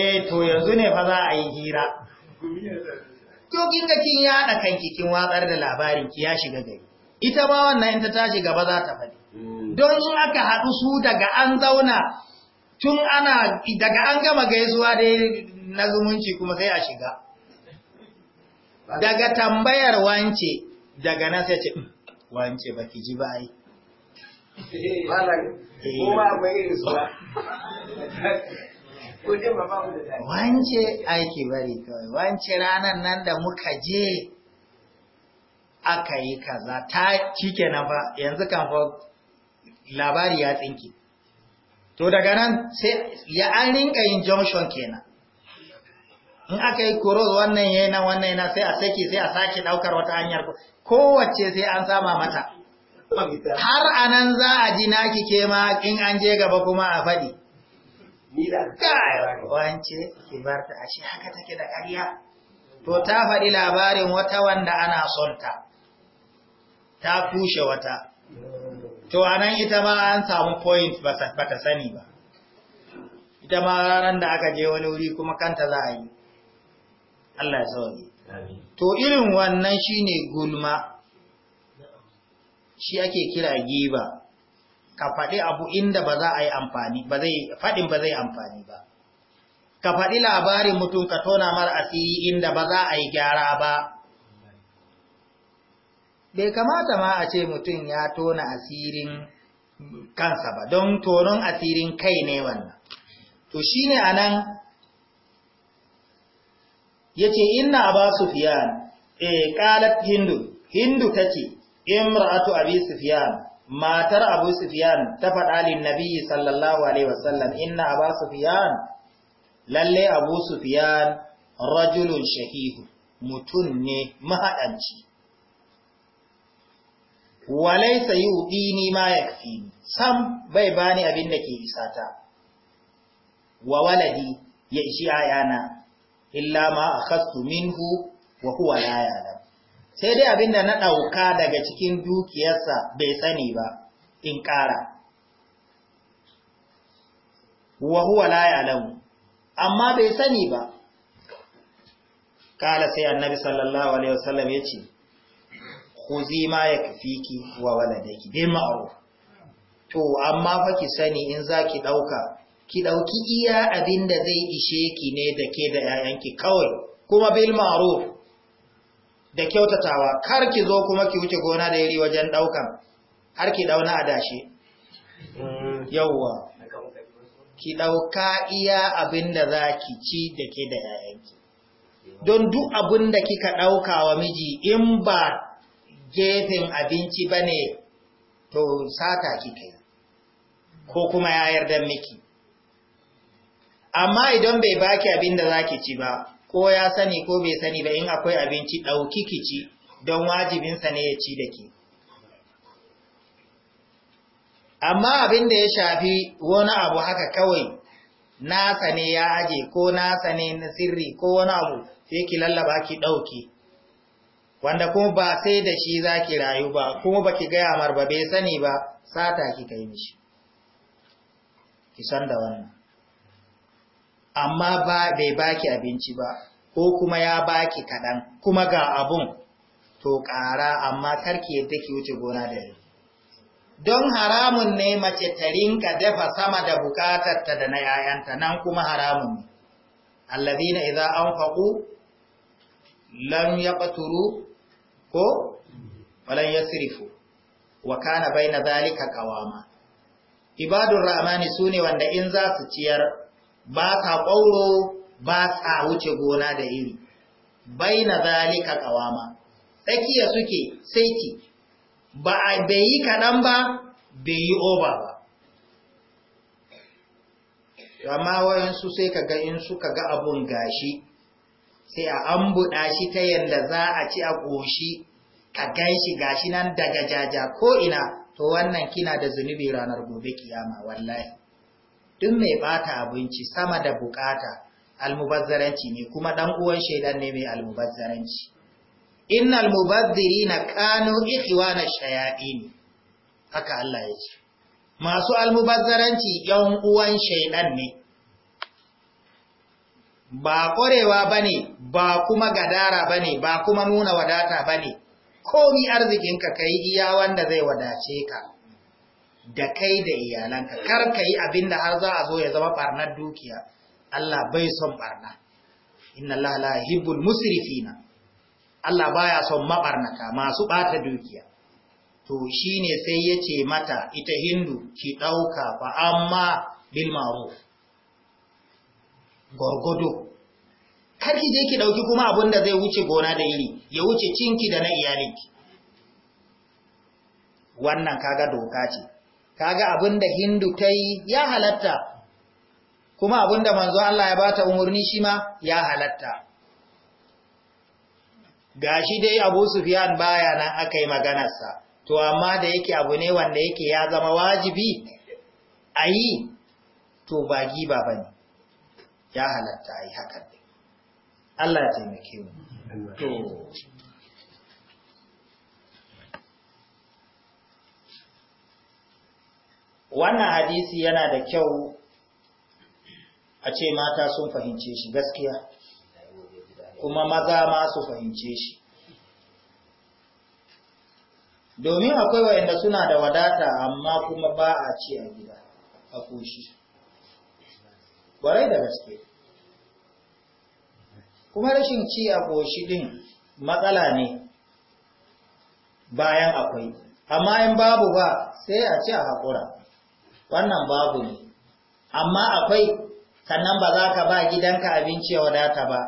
eh to yanzu ne fa za a yi hira to kin ga kin yada kanki kin watsar da labarin ki ya shiga gari ita ba wannan in ta tashi gaba za ta faɗi hmm. don in aka haɗu su daga an zauna tun ana daga an gama gaisuwa dai na zumunci kuma sai a shiga daga tambayar wance daga nan sai ce hmm, wance baki ji ba ai eh. wance aiki bari kawai wance ranar nan da muka je aka yi kaza ta cike na ba yanzu kan fa labari ya tsinki to daga nan sai ya an rinka yin junction kenan in aka yi cross wannan yi nan wannan yana sai a sake sai a sake daukar wata hanyar kowace sai an sama mata har anan za a ji naki ke ma in an je gaba kuma a faɗi wance ki bar ta ashe haka take da ƙarya to ta faɗi labarin wata wanda ana son ta ta kushe wata to anan ita ma an samu point ba ta sani ba ita ma ranar da aka je wani wuri kuma kanta za a yi Allah ya sauri to irin wannan shine gulma shi ake kira giba ka faɗi abu inda ba za a yi amfani ba zai faɗin ba zai amfani ba ka faɗi labarin mutum ka tona mara asiri inda ba za a yi gyara ba bai kamata ma a ce mutum ya tona asirin kansa ba don tonon asirin kai ne wannan to shi shine anan yace ba su fiya? eh kalat hindu hindu ta tace imr'atu abi sufyan matar abu sufyan ta faɗa lin nabiyyi sallallahu alaihi wasallam inna aba sufyan lalle abu sufyan rajulun shahihu Mutum ne mahadanci walaisa yudini ma yakfini sam bai bani abin da ke isata wa waladi ya ishi ayana illa ma akhastu minhu wa huwa la ya'lam sai dai abin da na ɗauka daga cikin dukiyarsa bai sani ba in ƙara wa huwa la ya'lam amma bai sani ba kala sai annabi sallallahu alaihi wasallam yace zima ya kafi ki wa waladaki bil ma'ruf to amma fa ki sani in zaki dauka ki dauki iya abinda zai ishe ki ne da ke da yayanki kawai kuma bil ma'ruf da kyautatawa kar ki zo kuma ki wuce gona da yari wajen daukan har ki dauna adashi yawwa ki dauka iya abinda zaki ci da ke da yayanki don duk abin da kika ɗauka wa miji in ba gefen abinci ba ne to sata kika yi ko kuma ya yarda miki amma idan bai baki abin da zaki ci ba ko ya sani ko bai sani ba in akwai abinci ɗauki ki ci don wajibinsa ne ya ci da ki. amma abin da ya shafi wani abu haka kawai nasa ne ya aje ko nasa ne na sirri ko wani abu sai ki lallaba ki ɗauki wanda kuma ba sai da shi za ki rayu ba kuma ba ki gaya mar ba bai sani ba sata ki kai mishi ki san da wannan amma ba bai baki abinci ba ko kuma ya baki kaɗan kuma ga abun to ƙara amma karki yadda ki wuce gona da yi don haramun ne mace ta ka dafa sama da bukatarta da na yayanta nan kuma haramun ne allazina an lan lam ɓaturu ko falan yasrifu wa kana baina zalika qawama ibadur rahmani sune wanda in za su ciyar ba sa kauro ba sa wuce gona da iri baina zalika qawama tsakiya suke saiti ba bai yi kaɗan ba bai yi oba ba amma wayansu sai kaga in suka ga abun gashi sai a buɗa shi ta yadda za a ci a ƙoshi a gan shi gashi nan daga jaja ko ina to wannan kina da zunubi ranar gobe kiyama wallahi duk mai bata abinci sama da buƙata almubazzaranci ne kuma dan uwan shaidan ne mai almubazzaranci Inna mubazzirina kanu ikhwana shayatin haka Allah ya ce masu almubazzaranci yan uwan shaidan ne ba ƙwarewa ba ne ba kuma gadara ba ne ba kuma nuna wadata ba ne komi arzikinka ka yi iya wanda zai wadace ka da kai da iyalanka kar ka yi abin da har za a zo ya zama ɓarnar dukiya Allah bai son barna. inna Allah la hibbul musrifina Allah baya son maɓarnaka masu ɓata dukiya to shine sai yace mata ita Hindu ki ɗauka fa amma bil ma'ruf gwargwado kar ki je ki dauki kuma abin da zai wuce gona da iri ya wuce cinki da na iyalinki wannan kaga doka ce kaga abin da hindu ta yi ya halatta kuma abin da manzo Allah ya bata umarni shi ma ya halatta gashi dai Abu Sufyan baya nan akai maganarsa to amma da yake abu ne wanda yake ya zama wajibi ayi to ba giba bane ya halatta a yi hakan ɗin Allah ya taimake mu wannan hadisi yana da kyau a ce mata sun fahimce shi gaskiya kuma maza ma su fahimce shi domin akwai wa'inda suna da wadata amma kuma ba a ci a gida a koshi kwarai da gaske kuma rashin ci a ƙoshi ɗin matsala ne bayan akwai amma in babu ba sai a ci a haƙura wannan babu ne amma akwai sannan ba za ka ba gidanka abinci ya wadata ba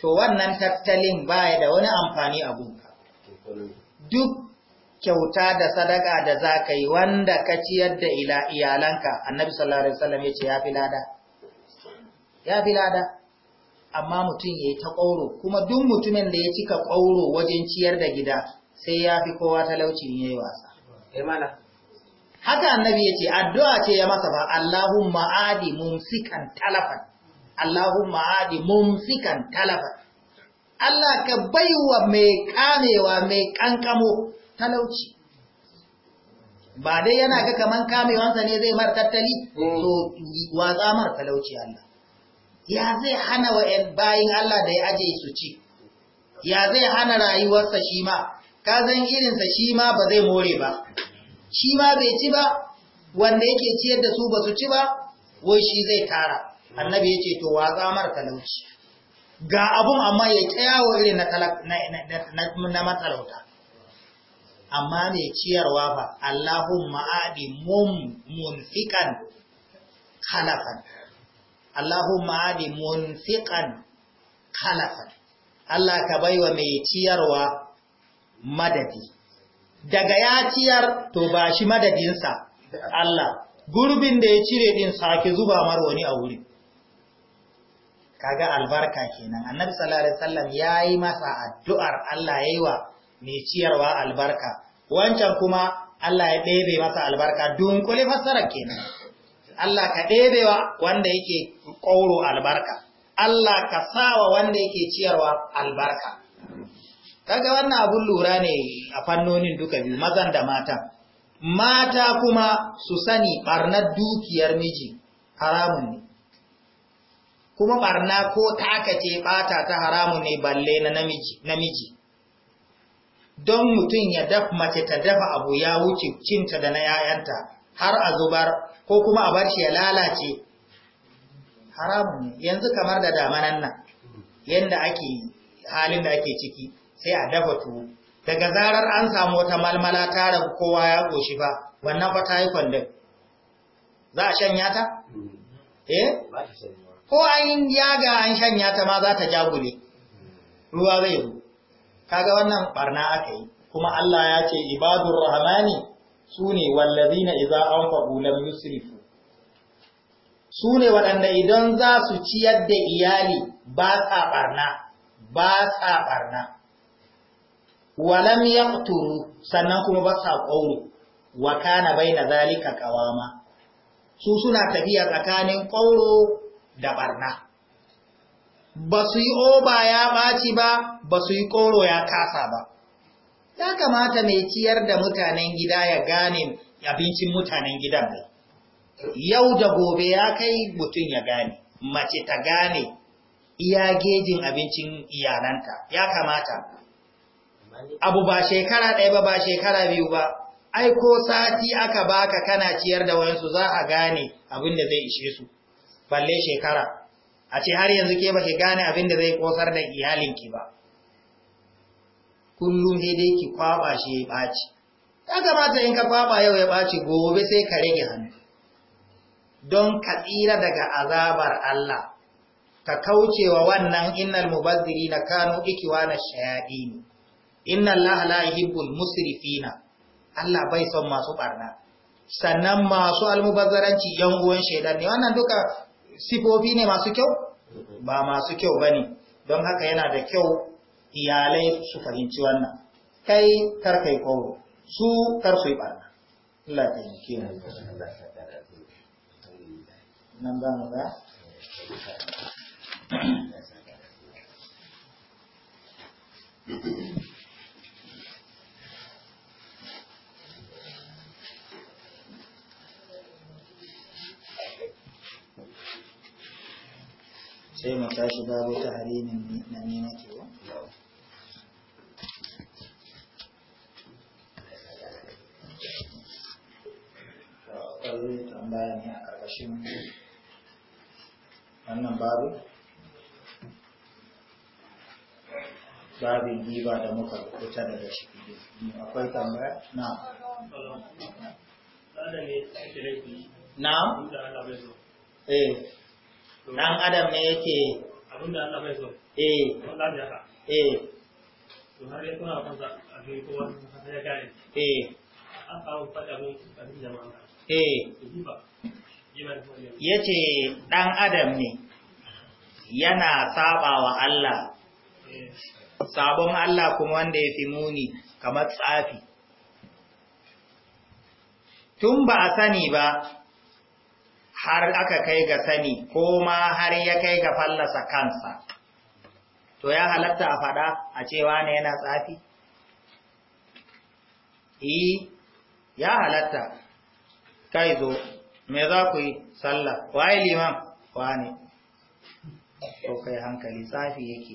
to wannan tattalin baya da wani amfani a duk kyauta da sadaka da za ka yi wanda ka ciyar da iyalanka annabi sallallahu alaihi wasallam ya ce ya fi lada ya fi lada amma mutum ya yi ta ƙauro kuma duk mutumin da ya cika ƙauro wajen ciyar da gida sai ya fi kowa talauci ya yi wasa eh, haka annabi ya ce addu'a ce ya masa ba Allahumma adi mumsikan talafan Allahumma adi mumsikan talafan Allah ka baiwa mai kamewa mai kankamo talauci ba dai yana ga kaman kamewansa ne zai mar tattali mm. to watsa mar talauci Allah ya zai hana wa bayin Allah da ya aje su ci ya zai hana rayuwarsa shi ma ka zan irinsa shi ma ba zai more ba shi ma bai ci ba wanda yake ciyar da su ba su ci ba wai shi zai tara annabi ya ce to watsa mar talauci ga abun amma ya kyawo irin na matalauta amma mai ciyarwa ba, Allahumma adi mum munfiqan khalafan Allahumma adi munfiqan khalafan Allah ka baiwa mai ciyarwa madadi daga ya ciyar to ba shi madadinsa Allah gurbin da ya cire din sake zuba mar wani a wuri kaga albarka kenan annabi sallallahu alaihi wasallam yayi masa addu'ar Allah yayi wa mai ciyarwa albarka wancan kuma Allah ya ɗebe masa albarka dunkule fassarar kenan Allah ka wa wanda yake ƙauro albarka Allah ka sawa wanda yake ciyarwa albarka kaga wannan abun lura ne a fannonin duka biyu mazan da mata mata kuma su sani barnar dukiyar miji haramun ne kuma barna ko takace bata ta haramun ne balle na namiji don mutum ya daf mace ta dafa abu ya wuce cinta da na yayanta har a zubar ko kuma a bar shi ya lalace haramun ne yanzu kamar da damanan nan yanda ake halin da ake ciki sai a dafa tuwo daga zarar an samu wata malmala ta rabu kowa ya goshi ba wannan fa ta yi kwandon za a shanya ta? eh? ko an yaga an shanya ta ma za ta jagule ruwa zai yi. kaga wannan barna aka yi kuma Allah ya ce ibadur rahmani sune wallazina idza anfaqu lam yusrifu sune waɗanda idan za su ciyar da iyali ba sa barna ba sa barna walam yaqturu sannan kuma ba sa qawlu wa kana baina zalika qawama su suna tafiya tsakanin ƙauro da barna ba su yi oba ya ɓaci ba ba su yi ƙoro ya kasa ba ya kamata mai ciyar da mutanen gida ya gane abincin mutanen gidan ba. yau da gobe ya kai mutum ya gane mace ta gane iya gejin abincin iyalanta ya kamata abu ba shekara ɗaya ba ba shekara biyu ba ai ko sati aka baka kana ciyar da wayansu za a gane abin da zai ishe su balle shekara a ce har yanzu ke baki gane abin da zai kosar da iyalinki ba kullum sai dai ki kwaba shi ya ɓaci ya kamata in ka kwaba yau ya ɓaci gobe sai ka rage hannu don ka tsira daga azabar Allah ka kaucewa wannan innal mubazzirina kanu ikiwana shayadini inna allaha la yuhibbul musrifina Allah bai son masu barna sannan masu almubazzaranci yan uwan shaidan ne wannan duka sifofi ne masu kyau ba masu kyau ba ne don haka yana da kyau iyalai su fahimci wannan kai karkai kowo su kar su yi barna Thank you. sai mu tashi babu ta halimin na ne nake wa akwai tambaya ne a ƙarƙashin wannan babu babin giba da muka rubuta daga shi akwai tambaya na na dan adam ne yake abinda Allah bai so eh Allah wallahi haka eh to har ya kuma kan sa abin kowa sai ya gane eh aka fada mun abin jama'a eh yace dan adam ne yana sabawa Allah eh. sabon Allah kuma wanda ya fi muni kamar tsafi tun ba a sani ba har aka kai ga sani ko ma har ya kai ga fallasa kansa to ya halatta a faɗa a cewa ne yana tsafi? E, ya halatta kai zo me za ku yi sallah waye liman wane to kai hankali tsafi yake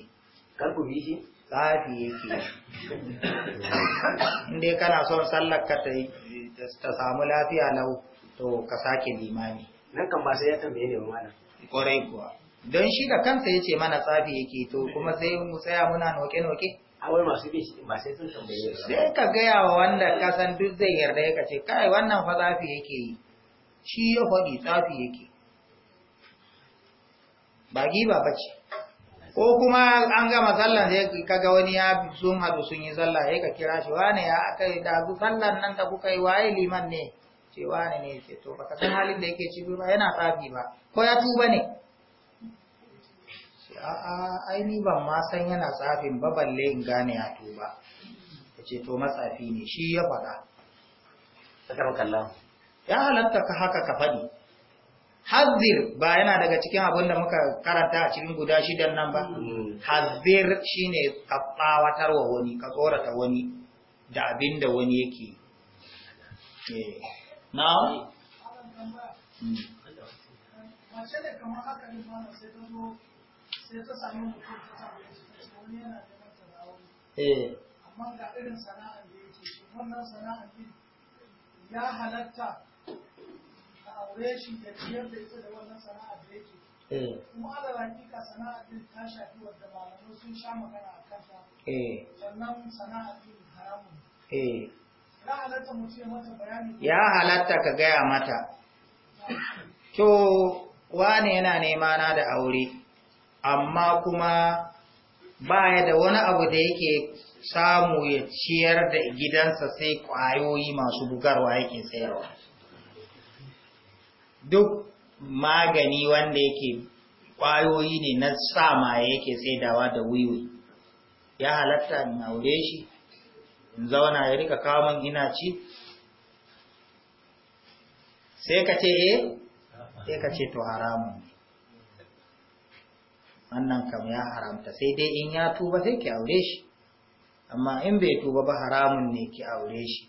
karku bi shi tsafi yake Inde kana son sallar ka ta samu lafiya lau to ka sake limani. nan kan ba sai ya tambaye ne ba malam kwarai kuwa don shi da kansa ya ce mana tsafi yake to kuma sai mu tsaya muna noke-noke wai masu bi shi ba sai sun tambaye ba sai ka gaya wa wanda ka san duk zai yarda ya ce kai wannan fa tsafi yake yi shi ya faɗi tsafi yake ba giba ba ce ko kuma an gama sallan sai kaga wani ya sun hadu sun yi sallah sai ka kira shi wane ya aka yi da sallan nan da kuka yi waye liman ne ce wane ne ce to baka san halin da yake ciki ba yana tsafi ba ko ya tuba ne ce a'a aini ni ban ma san yana tsafin ba balle in gane ya tuba ta ce to matsafi ne shi ya faɗa ya halatta ka haka ka faɗi hazir ba yana daga cikin abin da muka karanta a cikin guda shidan nan ba mm. hazir shine ka tsawatarwa wani ka tsorata wani da abin da wani yake na Eh. Amma ga irin sana'ar da yake shi wannan sana'ar ya halatta a aure shi da ciyar da ita da wannan sana'ar da yake kuma ala hakika sana'ar din ta shafi wadda malamai sun sha magana a kanta sannan sana'ar din haramun ya halatta ka gaya mata to wane yana nema na da aure amma kuma baya da wani abu da yake samu ya ciyar da gidansa sai kwayoyi masu bugarwa yake sayarwa duk magani wanda yake kwayoyi ne na sa maye yake saidawa da wiwi ya halatta na aure shi in zauna ya rika kamun ina ci sai ka ce eh sai ka ce to haramun wannan kam ya haramta sai dai in ya tuba sai ki aure shi amma in bai tuba ba haramun ne ki aure shi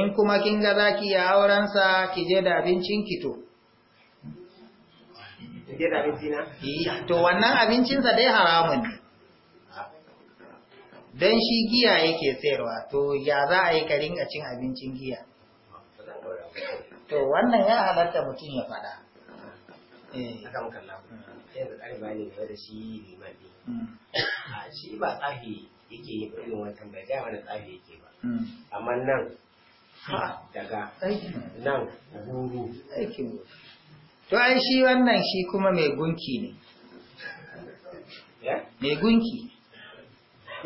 in kuma kin ga zaki ya aurensa ki je da abincin ki to eh, to wannan abincinsa dai haramun ne don shi giya yake sayarwa to ya za a yi ka ringa cin abincin giya to wannan ya halatta mutum ya faɗa eh. shi hmm. hmm. daga nan guru to ai shi wannan shi kuma mai gunki ne mai gunki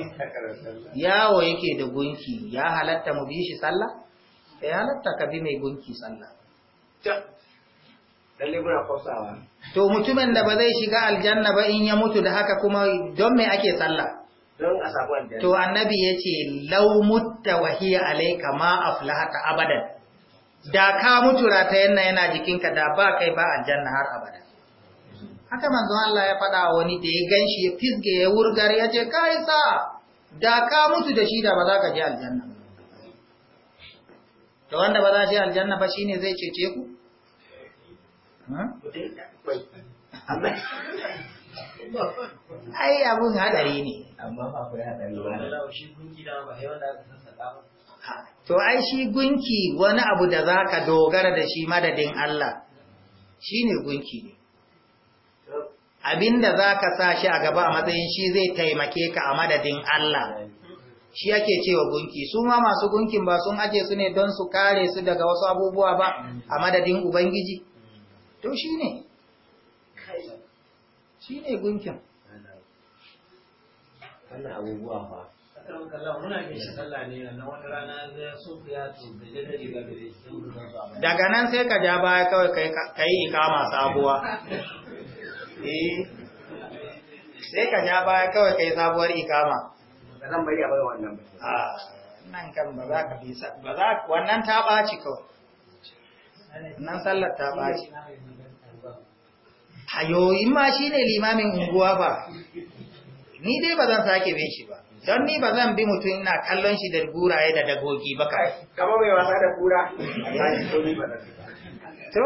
<laughs> yawo yake da gunki ya halatta mu bi shi sallah ya halatta ka bi mai gunki sallah to mutumin da ba zai shiga aljanna ba in ya mutu da haka kuma don me ake sallah to annabi ya ce lau mutta alaika ma aflahata abadan da ka mutu ratayen yana jikinka da ba kai ba aljanna har abadan haka manzo Allah ya faɗa wani da ya ganshi ya fisge ya wurgar ya ce kai sa da ka mutu da shi da ba za ka je aljanna to wanda ba za shi aljanna ba shine zai cece ku <laughs> ai abun hadari ne amma ba ba shi ba ba to ai shi gunki wani abu da zaka dogara da shi madadin Allah shine gunki ne abinda ka sa shi a gaba a matsayin shi zai taimake ka a madadin Allah shi yake cewa gunki su ma masu gunkin ba sun aje su ne don su kare su daga wasu abubuwa ba a madadin ubangiji to shi ne gunkin Allah abubuwa ba daga nan sai ka ja baya kawai ka yi ikama sabuwa <laughs> Eh, sai ka ja baya kawai kai sabuwar ikama zan bari a bai wannan ba a ah, nan kan ba za ka bi ba za wannan ta ɓaci kawai nan sallar ta ɓaci hayo in ma ne limamin unguwa ba ni dai ba zan sake bin shi ba don ni ba zan bi mutum ina kallon shi da guraye da dagogi ba kai kama mai wasa da kura <laughs> to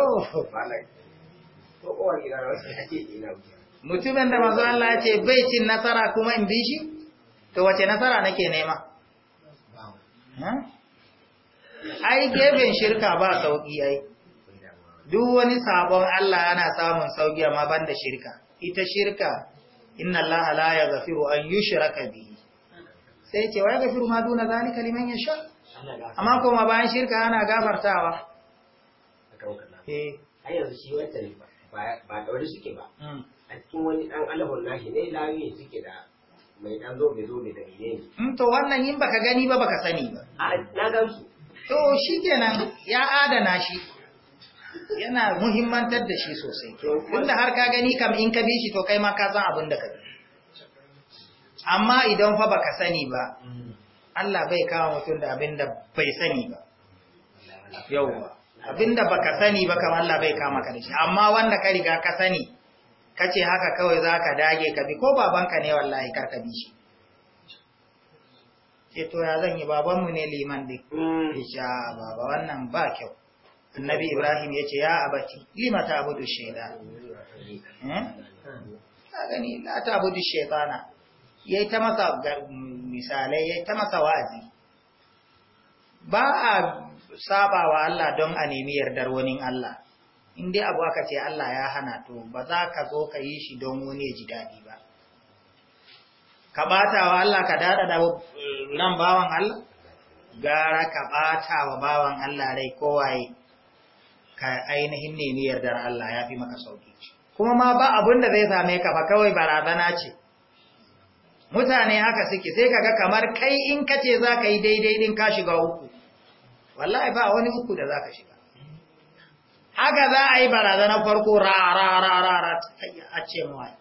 mutumin da mazu Allah ce bai cin nasara kuma in bishi, to wace nasara nake nema ai gefen shirka ba sauki ai duk wani sabon Allah ana samun sauki amma banda shirka ita shirka inna Allah la gafiru an yushraka bihi sai ce wai gafiru ma duna zalika liman yasha amma kuma bayan shirka ana gafartawa eh ai yanzu shi wata ne ba ba ɗaure suke ba hmm. a cikin wani ɗan alahun nashi ne layoyin suke da mai ɗan zobe zobe da mene ne hmm, to wannan in baka gani ba baka sani ba na gansu. to shi ya adana shi yana muhimmantar da shi sosai wanda har ka gani kam in ka bi shi to kai ma ka san abin da ka amma idan fa baka sani ba hmm. Allah bai kawo mutum da abin da bai sani ba yauwa abinda baka sani ba kamar Allah bai kama ka dashi amma wanda ka riga ka sani kace haka kawai zaka dage ka bi ko babanka ne wallahi kar ka bi shi ce to ya zan yi babanmu ne liman din ya hmm. baba wannan ba kyau annabi ibrahim ya ce ya abati lima ta abudu shaida ta eh? gani la ta abudu shaitana ya yi ta masa misalai ya ta masa wa'azi ba a saba wa Allah don a nemi yardar wani Allah in abu aka ce Allah ya hana to ba za ka zo ka yi shi don wani ji daɗi ba ka ɓata wa Allah ka daɗa da eh, nan bawan Allah gara ka ɓata wa bawan Allah rai kowaye ka ainihin nemi yardar Allah ya fi maka sauki kuma ma ba abin da zai same ka fa kawai barazana ce mutane haka suke sai ka ga kamar kai in kace za ka yi daidai din ka shiga uku wallahi ba wani uku da zaka shiga haka za a yi barazanar farko ra a ce mawai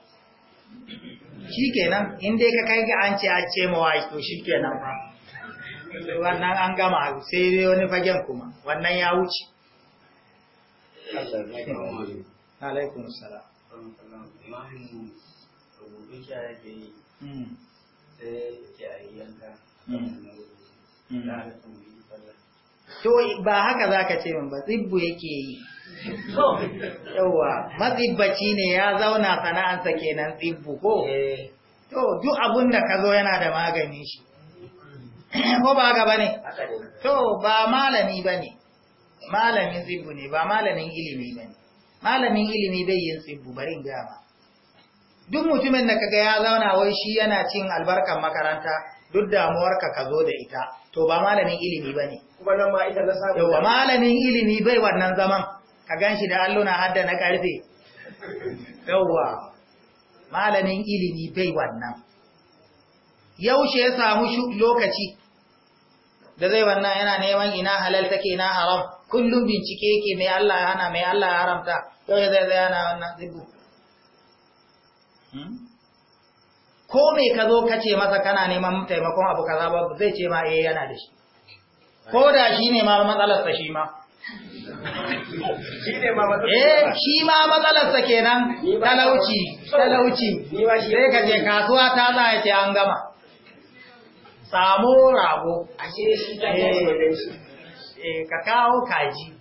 shi kenan inda ka kai ga an ce a ce mawai to shi kenan ba wannan an gama sai dai wani fagen kuma wannan ya wuce alaikun salam hmm. sai to ba haka za ka ce min ba tsibbu yake yi To yauwa mazibbaci ne ya zauna sana'ansa kenan tsibbu ko eh. to duk abun da ka zo yana da magani shi ko ba haka ba ne to ba malami ba ne malamin tsibbu ne ba malamin ilimi ba ne malamin ilimi bai yin tsibbu bari gama duk mutumin da kaga ya zauna wai shi yana cin albarkan makaranta duk damuwarka ka zo da ita to ba malamin ilimi ba ne Yau, malamin ilimi bai wannan zaman ka ganshi da alluna hadda na karfe yawa malamin ilimi bai wannan yaushe ya samu lokaci da zai wannan yana neman ina halal take na haram kullum bincike yake mai Allah ya hana mai Allah ya haramta yau zai zai yana wannan zibu hmm? ko mai ka zo kace masa kana neman taimakon abu ka zaba zai ce ma eh yana da shi ko da shi ne ma matsalarsa shi ma <laughs> Eh shi ma matsalarsa kenan talauci talauci sai ka je kasuwa ta za ya ce an gama samu rago eh, eh, ka kawo kaji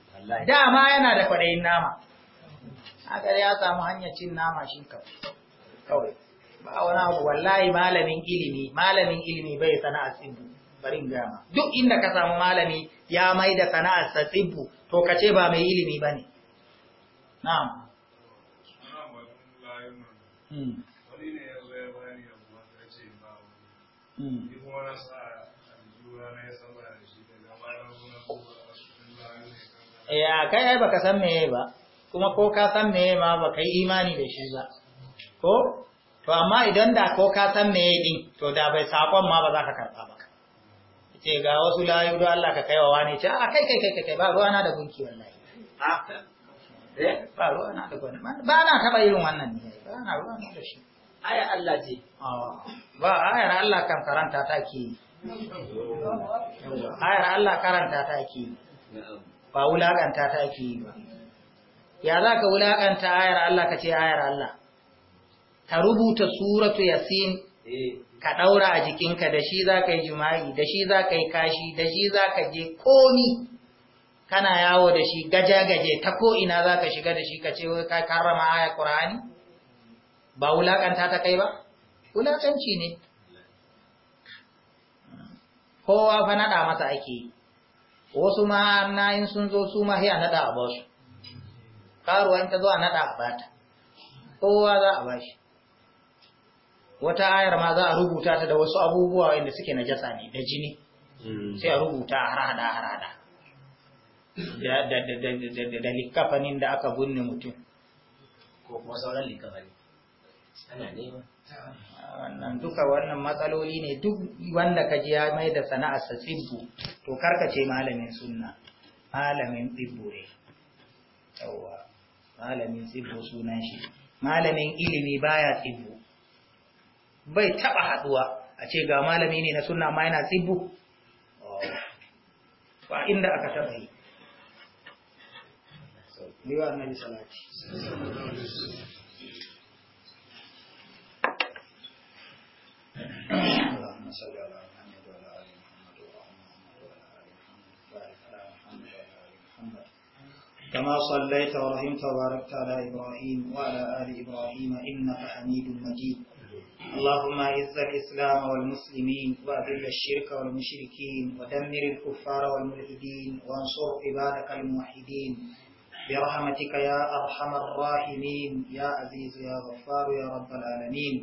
dama yana da kwaɗayin nama haka ya samu hanyar cin nama shi kawai ba wani abu wallahi malamin ilimi malamin ilimi bai sana'a tsibiri barin gama duk inda ka samu malami ya mai da sana'ar sa tsibbu to ka ce ba mai ilimi bane na'am wani hmm. ne hmm. ya ya ba kuma san meye ba kuma ko ka san meye ma baka yi imani da shi ba ko to amma idan da ko ka san meye din to da bai sakon ma ba za ka karba ba ce ga wasu layu da Allah ka kaiwa wani ce a ah, kai kai kai kai ba ruwa na da gunki wallahi eh, ba ruwa na da gunki ba na taɓa irin wannan ne ba na ruwa na da shi aya Allah ce ba ayar Allah kan karanta ta ke ayar Allah karanta ta ke ba wulakanta ta ke ba ya za ka wulakanta ayar Allah ka ce ayar Allah ka rubuta suratu yasin eh. ka ɗaura a jikinka da shi za ka yi jima'i da shi za ka yi kashi da shi za ka je komi kana yawo da shi gaje-gaje ta ko'ina za ka shiga da shi ka ce ka karrama haya ƙura'ani ba wulaƙanta ta kai ba wulaƙanci ne kowa fa naɗa masa ake wasu ma na yin sun zo su ma hiya naɗa a basu ƙaruwa in ta zo a naɗa a bata kowa za a bashi wata ayar ma za a rubuta ta da wasu abubuwa wanda suke na jasa ne da jini hmm. sai a rubuta harada harada da likafanin da aka bunne mutum ko kuma sauran likafani ana nema wannan duka wannan matsaloli ne duk wanda ka ji ya mai da sana'ar sa tsibbu to karkace malamin sunna malamin tsibbu ne yawa malamin tsibbu sunan shi malamin ilimi baya tsibbu bai taɓa haɗuwa a ce ga malami ne na sunna ma yana tsibbu ba inda aka taba yi كما صليت ورحمت وباركت على إبراهيم وعلى آل إبراهيم إنك حميد مجيد اللهم اعز الاسلام والمسلمين واذل الشرك والمشركين ودمر الكفار والملحدين وانصر عبادك الموحدين برحمتك يا ارحم الراحمين يا عزيز يا غفار يا رب العالمين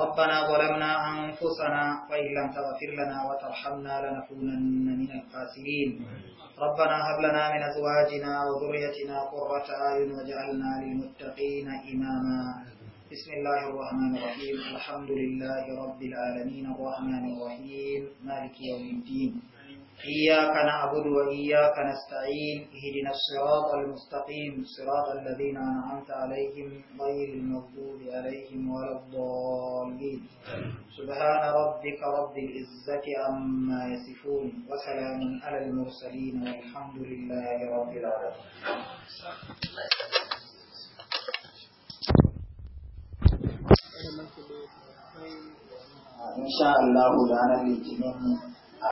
ربنا ظلمنا انفسنا وان لم تغفر لنا وترحمنا لنكونن من الخاسرين ربنا هب لنا من ازواجنا وذريتنا قرة اعين واجعلنا للمتقين اماما بسم الله الرحمن الرحيم الحمد لله رب العالمين الرحمن الرحيم مالك يوم الدين إياك نعبد وإياك نستعين اهدنا الصراط المستقيم صراط الذين أنعمت عليهم غير المغضوب عليهم ولا الضالين سبحان ربك رب العزة عما يصفون وسلام على المرسلين والحمد لله رب العالمين insha Allah ranar litinin